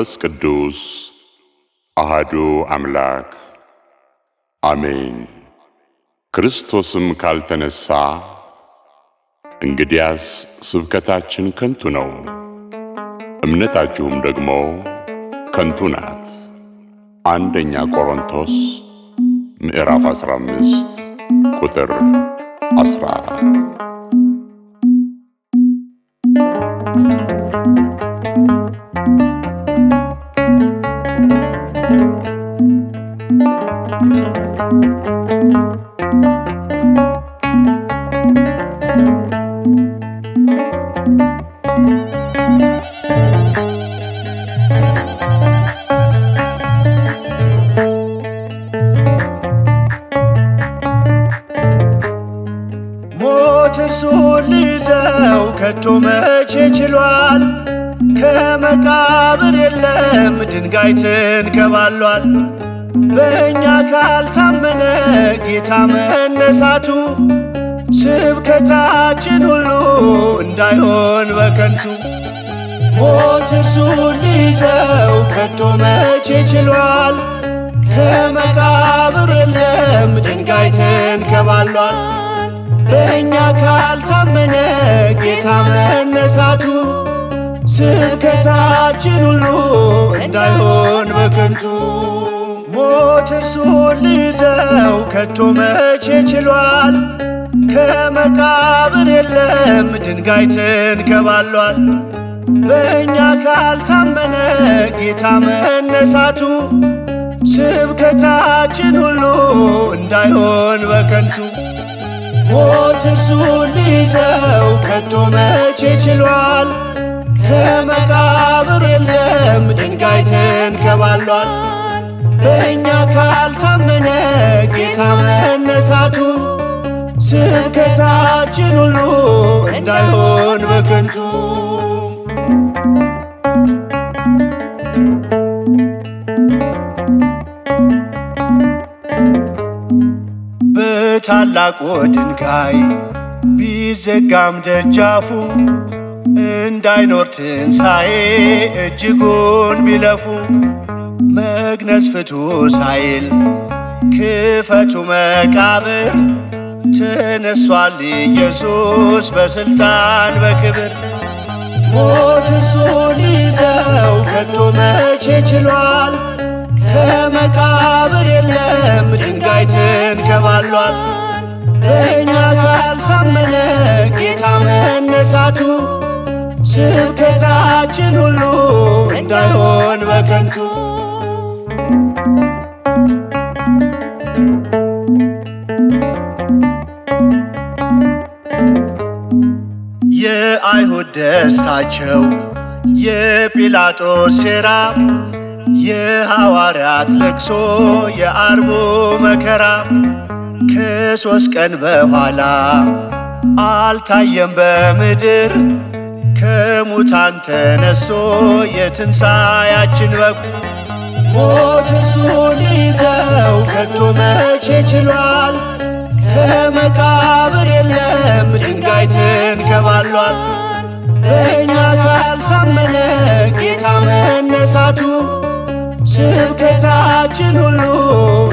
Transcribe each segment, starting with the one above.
መንፈስ ቅዱስ አህዱ አምላክ አሜን። ክርስቶስም ካልተነሳ እንግዲያስ ስብከታችን ከንቱ ነው፣ እምነታችሁም ደግሞ ከንቱ ናት። አንደኛ ቆሮንቶስ ምዕራፍ 15 ቁጥር 14 ጌታ መነሳቱ ስብከታችን ሁሉ እንዳይሆን በከንቱ ሞት እርሱን ሊይዘው ከቶ መቼ ችሏል? ከመቃብር የለም ድንጋይ ተንከባሏል። በእኛ ካልታመነ ጌታ መነሳቱ ስብከታችን ሁሉ እንዳይሆን በከንቱ ሞት እርሱን ሊይዘው ከቶ መቼ ችሏል? ከመቃብር የለም ድንጋይ ተንከባሏል። በእኛ ካልታመነ ጌታ መነሳቱ ስብከታችን ሁሉ እንዳይሆን በከንቱ። ሞት እርሱን ሊይዘው ከቶ መቼ ችሏል? ከመቃብር የለም ድንጋይ ተንከባሏል። በእኛ ካልታመነ ጌታ መነሳቱ ስብከታችን ሁሉ እንዳይሆን በከንቱ በታላቁ ድንጋይ ቢዘጋም ደጃፉ እንዳይኖር ትንሣኤ እጅጉን ቢለፉ መግነዝ ፍቱ ሳይል ክፈቱ መቃብር ተነሷል ኢየሱስ በስልጣን በክብር ሞት እርሱን ይዘው ከቶ መቼ ችሏል ከመቃብር የለም ድንጋይ ትንከባሏል በእኛ ካልታመነ ጌታ መነሳቱ ስብከታችን ሁሉ እንዳይሆን በከንቱ የአይሁድ ደስታቸው የጲላጦስ ሴራ የሐዋርያት ለቅሶ የአርቡ መከራ ከሦስት ቀን በኋላ አልታየም በምድር ከሙታን ተነሶ የትንሣያችን በኩ ሞት እርሱን ይዘው ከቶ መቼ ችሏል? ከመቃብር የለም ድንጋይ ትንከባሏል። በእኛ ካልታመነ ጌታ መነሳቱ ስብከታችን ሁሉ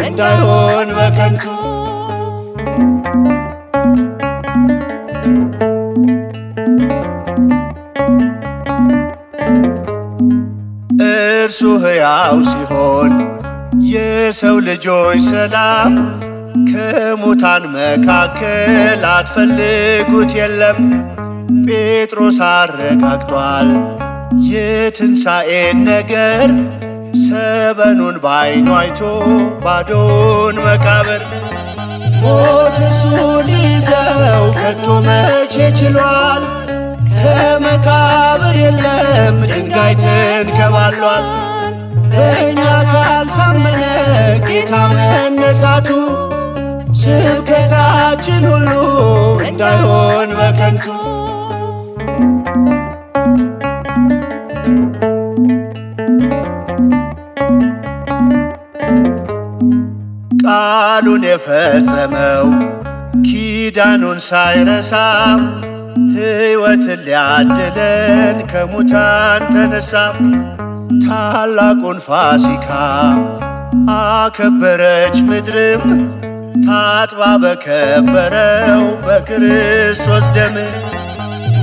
እንዳይሆን በከንቱ እርሱ ሕያው ሲሆን የሰው ልጆች ሰላም ከሙታን መካከል አትፈልጉት የለም። ጴጥሮስ አረጋግጧል የትንሣኤን ነገር ሰበኑን ባይኑ አይቶ ባዶን መቃብር ሞት እርሱን ይዘው ከቶ መቼ ችሏል። ከመቃብር የለም ድንጋይ ትንከባሏል። በእኛ ካልታመነ ጌታ መነሳቱ ስብከታችን ሁሉ እንዳይሆን በከንቱ ቃሉን የፈጸመው ኪዳኑን ሳይረሳ ሕይወትን ሊያድለን ከሙታን ተነሳ። ታላቁን ፋሲካ አከበረች ምድርም ታጥባ በከበረው በክርስቶስ ደም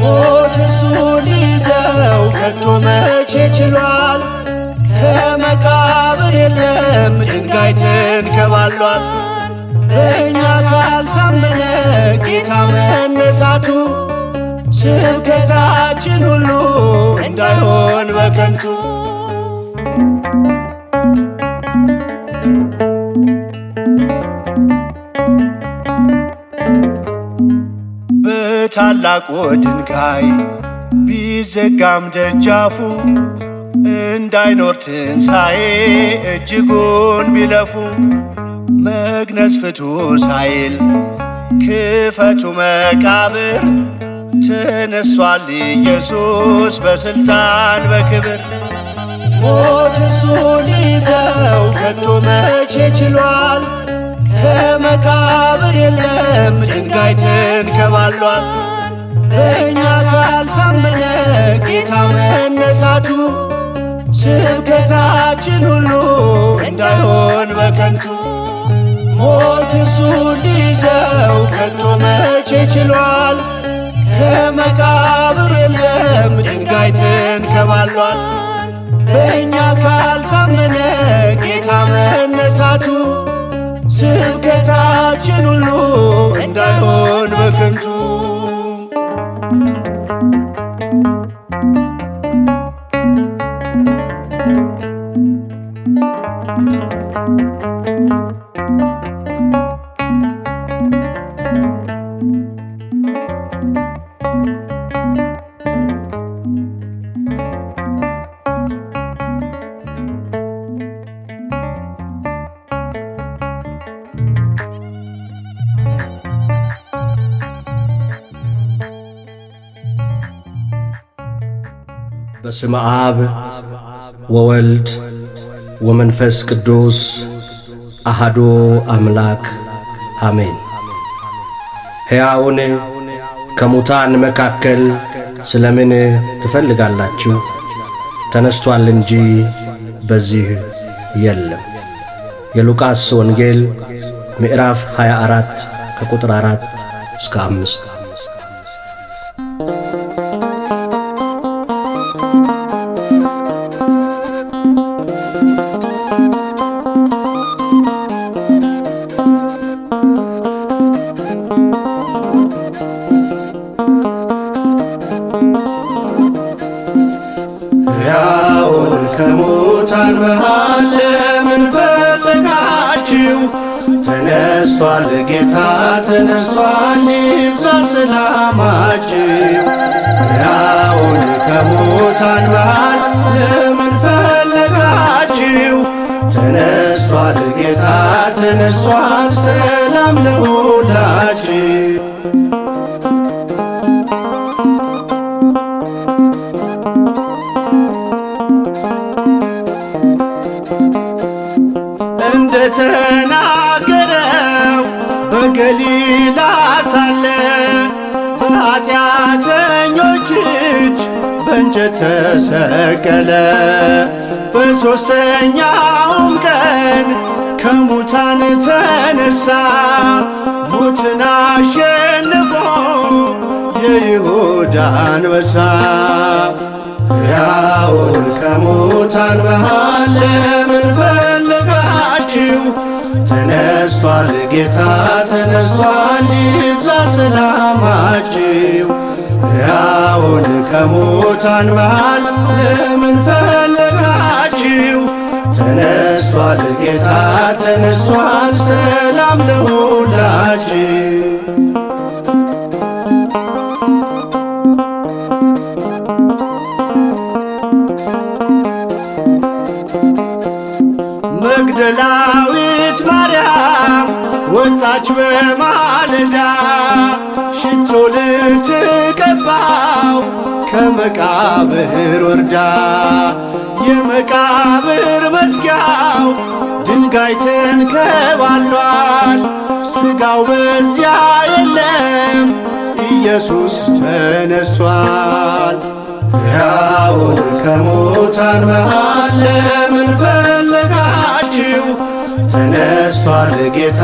ሞት እርሱን ይዘው ከቶ መቼ ችሏል። ከመቃብር የለም ድንጋይ ትንከባሏል። በእኛ ካልታመነ ጌታ መነሳቱ ስብከታችን ሁሉ እንዳይሆን በከንቱ ታላቁ ድንጋይ ቢዘጋም ደጃፉ እንዳይኖር ትንሣኤ እጅጉን ቢለፉ መግነዝ ፍቱ ሳይል ክፈቱ መቃብር ተነሷል ኢየሱስ በስልጣን በክብር ሞት እርሱን ይዘው ከቶ መቼ ችሏል? ከመቃብር የለም ድንጋይ ትንከባሏል። በእኛ ካልታመነ ጌታ መነሳቱ ስብከታችን ሁሉ እንዳይሆን በከንቱ ሞት እርሱን ሊይዘው ከቶ መቼ ችሏል? ከመቃብር የለም ድንጋይ ትንከባሏል። በእኛ ካልታመነ ጌታ መነሳቱ ስብከታችን ሁሉ በስመ አብ ወወልድ ወመንፈስ ቅዱስ አሃዶ አምላክ አሜን። ሕያውን ከሙታን መካከል ስለምን ትፈልጋላችሁ? ተነስቷል እንጂ በዚህ የለም። የሉቃስ ወንጌል ምዕራፍ 24 ከቁጥር 4 እስከ 5 ተሰቀለ። በሦስተኛውም ቀን ከሙታን ተነሳ፣ ሞትን አሸንፎ የይሁዳ አንበሳ ሕያውን ከሙታን መሃል ለምን ፈልጋችሁ ተነስቷል ጌታ ተነስቷል፣ ይብዛ ሰላማችሁ። ሕያውን ከሙታን መሃል ለምን ፈለጋችሁ? ተነሷል ጌታ ተነሷል፣ ሰላም ለሁላችሁ ዋጋው በዚያ የለም፣ ኢየሱስ ተነስቷል። ሕያውን ከሙታን መሃል ለምን ፈለጋችሁ? ተነስቷል ጌታ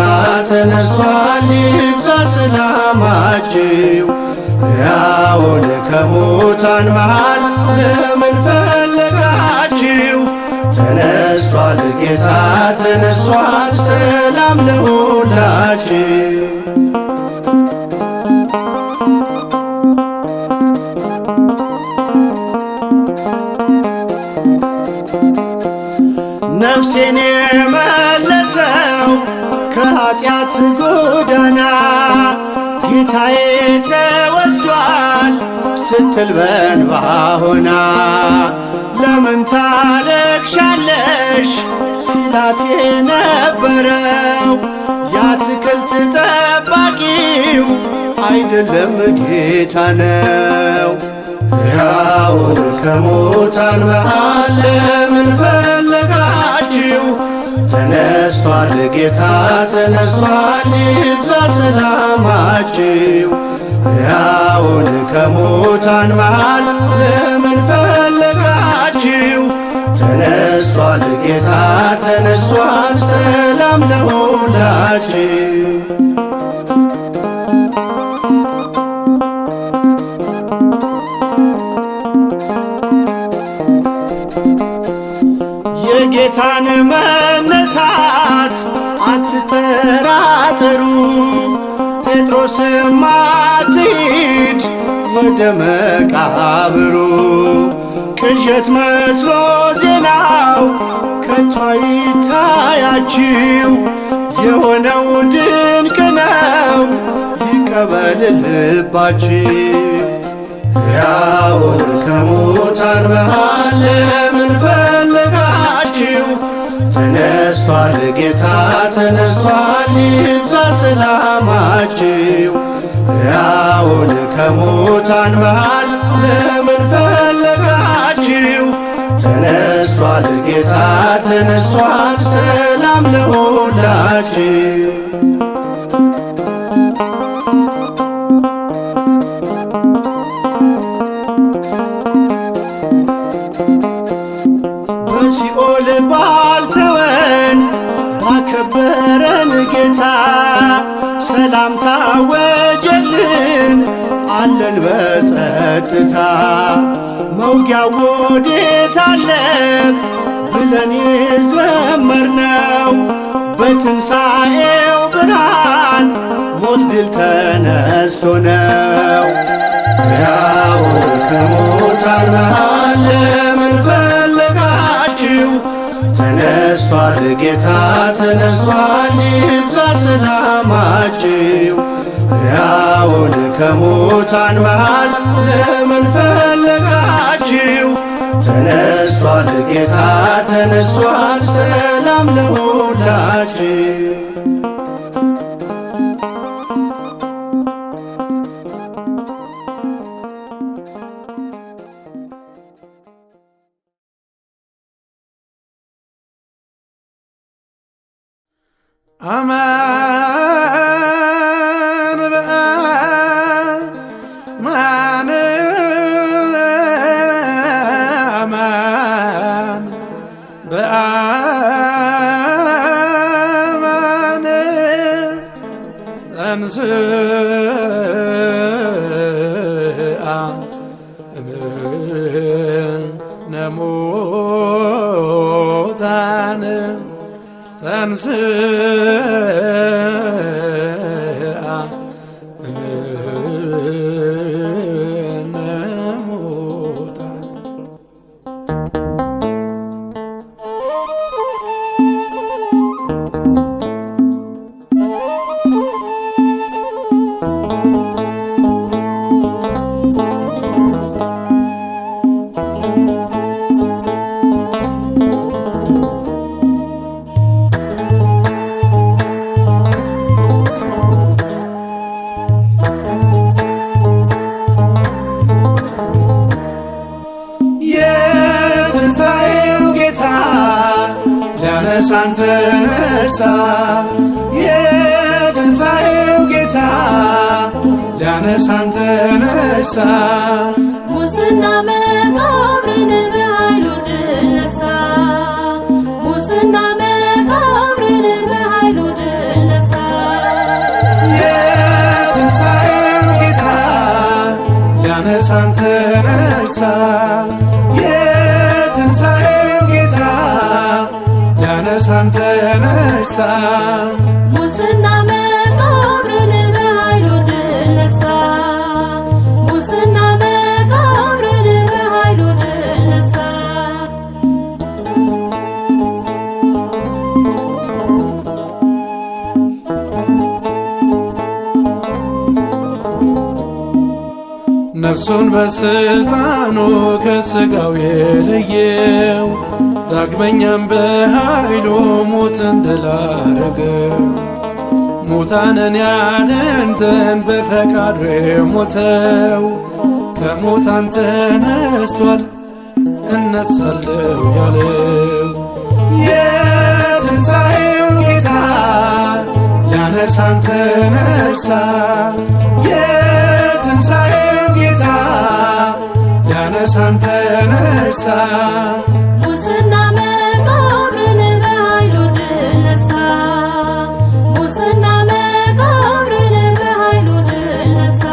ተነስቷል፣ ይብዛ ሰላማችሁ። ሕያውን ከሙታን መሃል ለምን ተነሷል ጌታ ተነሷል፣ ሰላም ለሁላችን ነፍሴን የመለሰው ከኃጢአት ጎዳና ጌታዬ ተወስዷል ስትል በንባ ሆና ለምን ታለቅሻለ ነሽ ሲላት ነበረው! የአትክልት ጠባቂው አይደለም ጌታ ነው። ሕያውን ከሙታን መሃል ለምን ፈለጋችሁ? ተነስቷል ጌታ ተነስቷል፣ ይብዛ ሰላማችሁ። ሕያውን ከሙታን መሃል ደርሷል ሰላም ለሁላችን የጌታን መነሳት አትጠራጠሩ ጴጥሮስም አትሂድ ወደ መቃብሩ ቅዠት መስሎ ዜናው ከቶ አይታያችሁ የሆነው ድንቅ ነው ይቀበል ልባችሁ ያውን ከሙታን መሃል ለምን ተነስቷል ጌታ ተነስቷል ይብዛ ሰላማችሁ ያውን ከሙታን መሃል ለምን ፈለጋችሁ ተነሷል ጌታ ተነሷል። ሰላም ለሁላችን በሲኦል ባልተወን አከበረን ጌታ ሰላም ታወጀልን አለን በጸጥታ ከውጊያ ወዴት አለም ብለን የዘመርነው በትንሣኤው ብርሃን ሞት ድል ተነስቶ ነው። ያው ከሞታን መሃል ለምን ፈለጋችሁ? ተነስቷል ጌታ ተነስቷል፣ ይብዛ ሰላማችሁ ሕያውን ከሙታን መሃል ለምን ፈለጋችሁ? ተነስቷል ጌታ ተነስቷል፣ ሰላም ለሁላችሁ። Amen. ነሙታን ተንስ ያነሳን ተነሳ ሙስና መቃብርን በኃይሉ ድል ነሳ ሙስና መቃብርን በኃይሉ ድል ነሳ የትንሣኤው ጌታ ያነሳን ተነሳ የትንሣኤው ጌታ ያነሳን ተነሳ ሙስና ነፍሱን በስልጣኑ ከሥጋው የለየው ዳግመኛም በኃይሉ ሙትን ድል አረገው። ሙታንን ያድን ዘንድ በፈቃዱ የሞተው ከሙታን ተነስቷል እነሳለሁ ያለው የትንሣኤው ጌታ ሊያነሳን ተነሳ ከሙታን ተነሳ ሙስና መቃብርን በኃይሉ ድል ነሳ ሙስና መቃብርን በኃይሉ ድል ነሳ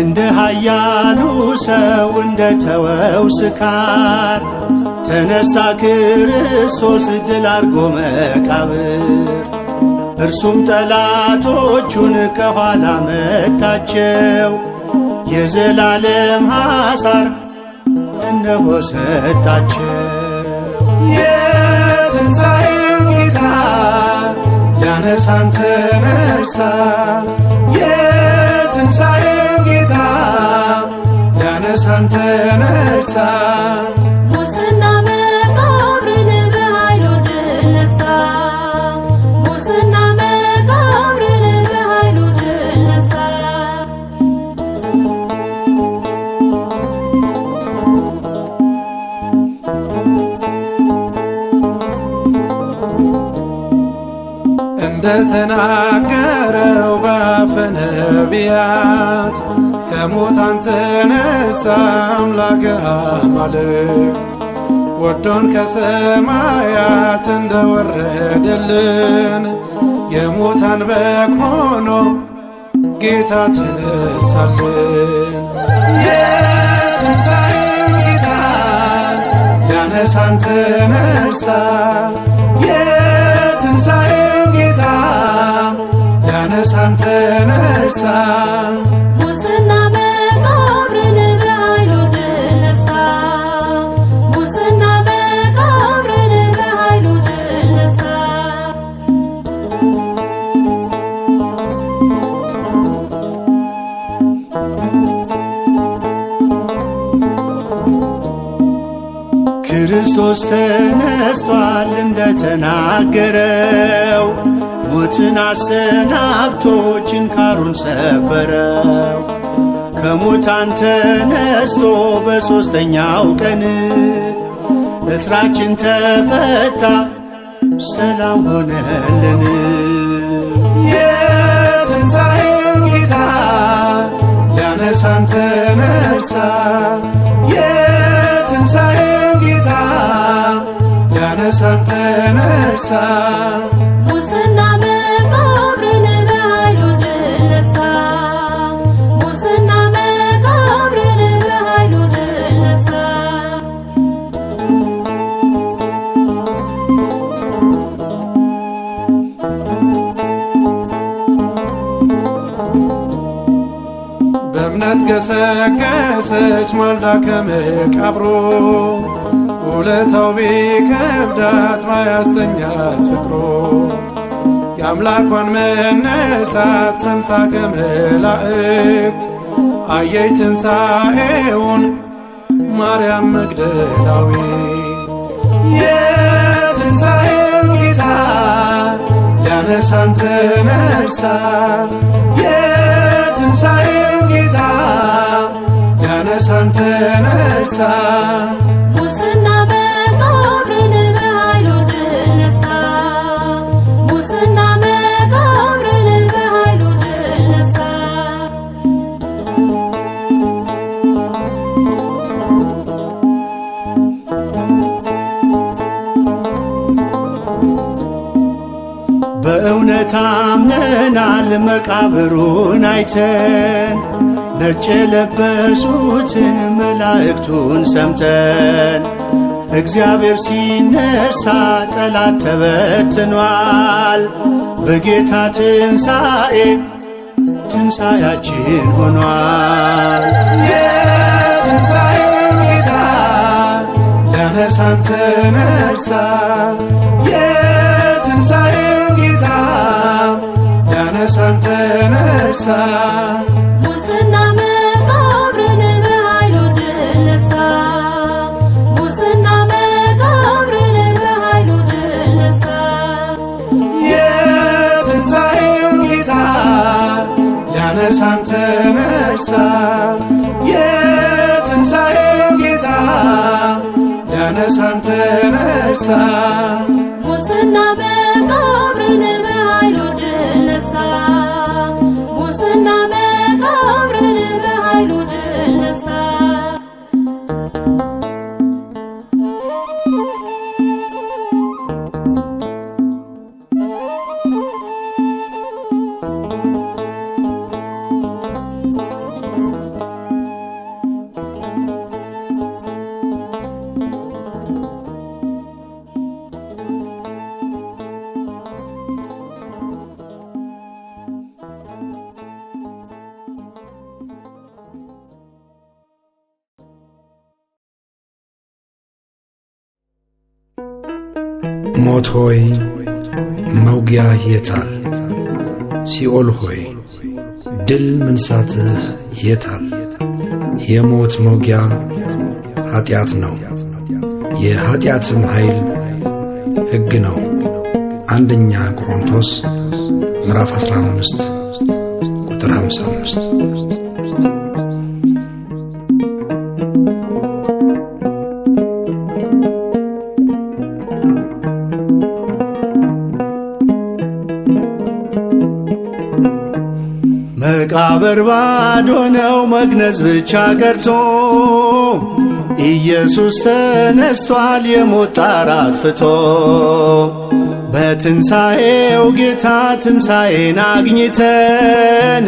እንደ ኃያሉ ሰው እንደ ተወው ስካር ተነሳ ክርስቶስ ድል አርጎ መቃብር እርሱም ጠላቶቹን ከኋላ መታቸው። የዘላለም ሐሳር እነሆ ሰጣቸው። የትንሣኤው ጌታ ያነሳን ተነሳ። የትንሣኤው ጌታ ያነሳን ተነሳ። እንደተናገረው ባፈነቢያት ከሙታን ተነሳ አምላከ አማልክት ወዶን ከሰማያት እንደወረደልን የሙታን በግ ሆኖ ጌታ ተነሳልን። የትንሣኤው ጌታ ያነሳን ተነሳ ሊያነሳን ተነሳ ሙስና መቃብርን በኃይሉ ድል ነሳ ሙስና መቃብርን በኃይሉ ድል ነሳ ክርስቶስ ተነስቷል እንደተናገረው ሞትን አሰናብቶ ችንካሩን ሰበረው። ከሙታን ተነስቶ በሦስተኛው ቀን እስራችን ተፈታ፣ ሰላም ሆነልን። የትንሣኤው ጌታ ሊያነሳን ተነሳ። የትንሣኤው ጌታ ሊያነሳን ተነሳ። ገሰገሰች ማልዳ ከመቃብሮ ውለታው ቢከብዳት ባያስተኛት ፍቅሮ የአምላኳን መነሳት ሰምታ ከመላእክት አየይ ትንሣኤውን ማርያም መግደላዊ የትንሣኤው ጌታ ሊያነሳን ተነሳ የትንሣኤ ጌታ ያነሳን ተነሳ ነሳ ሙስና መቃብርን በኃይሉ ድል ነሳ በእውነት አምነናል መቃብሩን አይተን ነጭ የለበሱትን መላእክቱን ሰምተን እግዚአብሔር ሲነሳ ጠላት ተበትኗል። በጌታ ትንሣኤ ትንሣያችን ሆኗል። የትንሣኤው ጌታ ሊያነሳን ተነሳ። ጌታ ሊያነሳን ተነሳ። ከሙታን ተነሳ የትንሣኤው ጌታ ሊያነሳን ተነሳ ሙስና ሞት ሆይ መውጊያ የታል? ሲኦል ሆይ ድል ምንሳትህ የታል? የሞት መውጊያ ኀጢአት ነው፣ የኀጢአትም ኃይል ሕግ ነው። አንደኛ ቆሮንቶስ ምዕራፍ 15 ቁጥር 55 መቃብር ባዶ ነው መግነዝ ብቻ ቀርቶ ኢየሱስ ተነስቷል የሞት ጣር አጥፍቶ በትንሣኤው ጌታ ትንሣኤን አግኝተን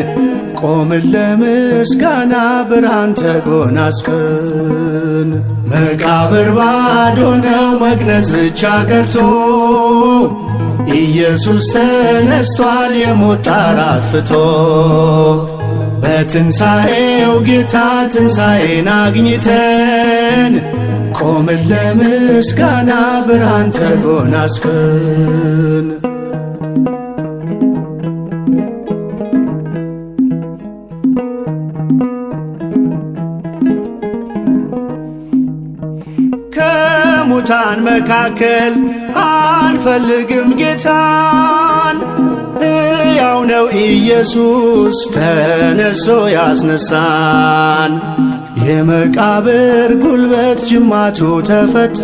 ቆምን ለምስጋና ብርሃን ተጎናጽፈን መቃብር ባዶ ነው መግነዝ ብቻ ቀርቶ ኢየሱስ ተነስቷል የሞት ጣር አጥፍቶ በትንሣኤው ጌታ ትንሣኤን አግኝተን ቆምን ለምስጋና ብርሃን ተጎናጽፈን ከሙታን መካከል አንፈልግም ጌታን ሕያው ነው ኢየሱስ ተነሶ ያስነሳን። የመቃብር ጉልበት ጅማቱ ተፈታ፣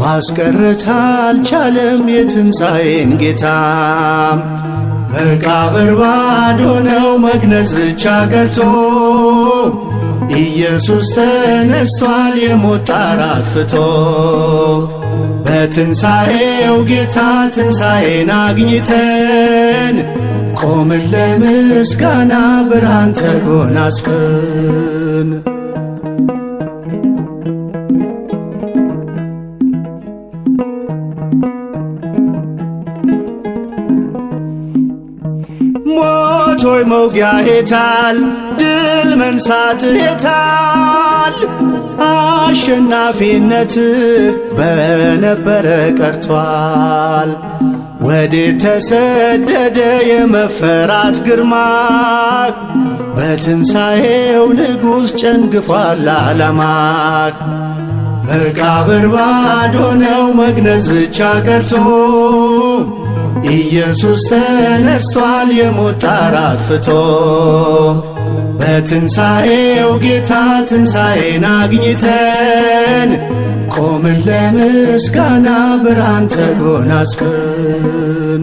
ማስቀረት አልቻለም የትንሣኤን ጌታ። መቃብር ባዶ ነው መግነዝ ብቻ ቀርቶ ኢየሱስ ተነስቷል የሞት ጣር አጥፍቶ በትንሣኤው ጌታ ትንሣኤን አግኝተን ቆምን ለምስጋና ብርሃን ተጎናጽፈን ሞት ሆይ መውጊያ ሄታል ድል መንሳት ሄታል አሸናፊነት በነበረ ቀርቷል። ወዴት ተሰደደ የመፈራት ግርማ? በትንሣኤው ንጉሥ ጨንግፏል ዓለማት። መቃብር ባዶ ነው፣ መግነዝ ብቻ ቀርቶ ኢየሱስ ተነስቷል የሞት ጣር አጥፍቶ በትንሣኤው ጌታ ትንሣኤን አግኝተን ቆምን ለምስጋና ብርሃን ተጎናጽፈን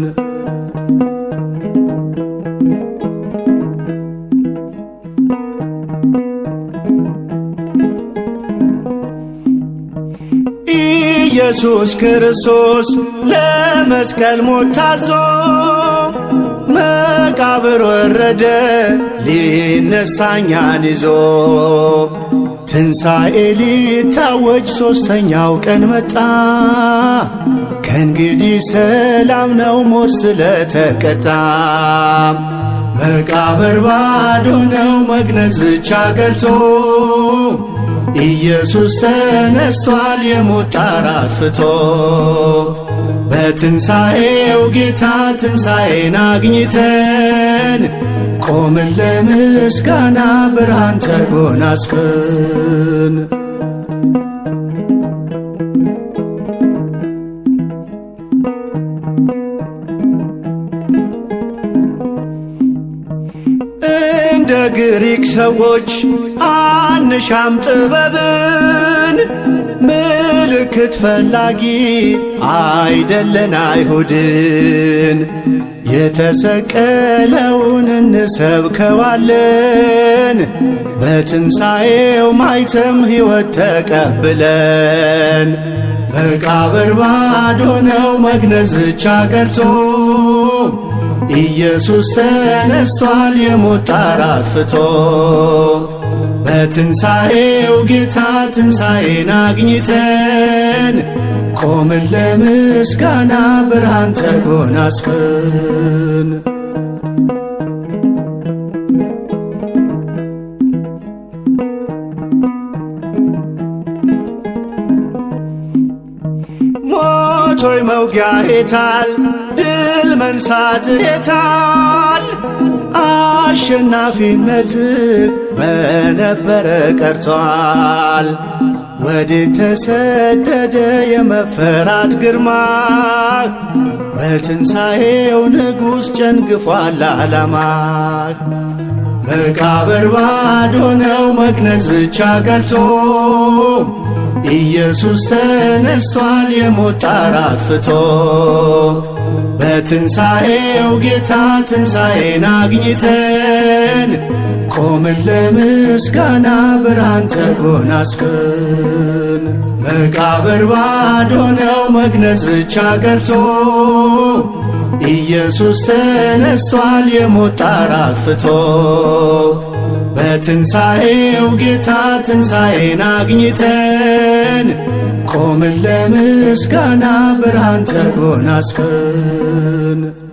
ኢየሱስ ክርስቶስ ለመስቀል ሞት ታዞ መቃብር ወረደ ሊነሳኛን ይዞ ትንሣኤ ሊታወጅ ሦስተኛው ቀን መጣ። ከእንግዲህ ሰላም ነው ሞት ስለተቀጣ። መቃብር ባዶ ነው መግነዝ ብቻ ቀርቶ ኢየሱስ ተነስቷል የሞት ጣር ፍቶ በትንሣኤው ጌታ ትንሣኤን አግኝተን ቆምን ለምስጋና ብርሃን ተጎናጽፈን እንደ ግሪክ ሰዎች አንሻም ጥበብን ምልክት ፈላጊ አይደለን አይሁድን የተሰቀለውን እንሰብከዋለን በትንሣኤው ማይተም ሕይወት ተቀብለን መቃብር ባዶ ነው መግነዝ ብቻ ቀርቶ ኢየሱስ ተነስቷል የሞት ጣር አጥፍቶ በትንሣኤው ጌታ ትንሣኤን አግኝተን ቆምን ለምስጋና ብርሃን ተጎናጽፈን ሞቶይ መውጊያ ሄታል ድል መንሳት ሄታል አሸናፊነት በነበረ ቀርቷል። ወዴት ተሰደደ የመፈራት ግርማ? በትንሣኤው ንጉሥ ጨንግፏል አላማ መቃብር ባዶ ነው መግነዝ ብቻ ቀርቶ ኢየሱስ ተነስቷል የሞት ጣር አጥፍቶ። በትንሣኤው ጌታ ትንሣኤን አግኝተን ቆምን ለምስጋና ብርሃን ተጎናጽፈን መቃብር ባዶ ነው መግነዝ ብቻ ቀርቶ ኢየሱስ ተነስቷል የሞት ጣር አጥፍቶ በትንሣኤው ጌታ ትንሣኤን አግኝተን ቆምን ለምስጋና ብርሃን ጨርቆን አስፈን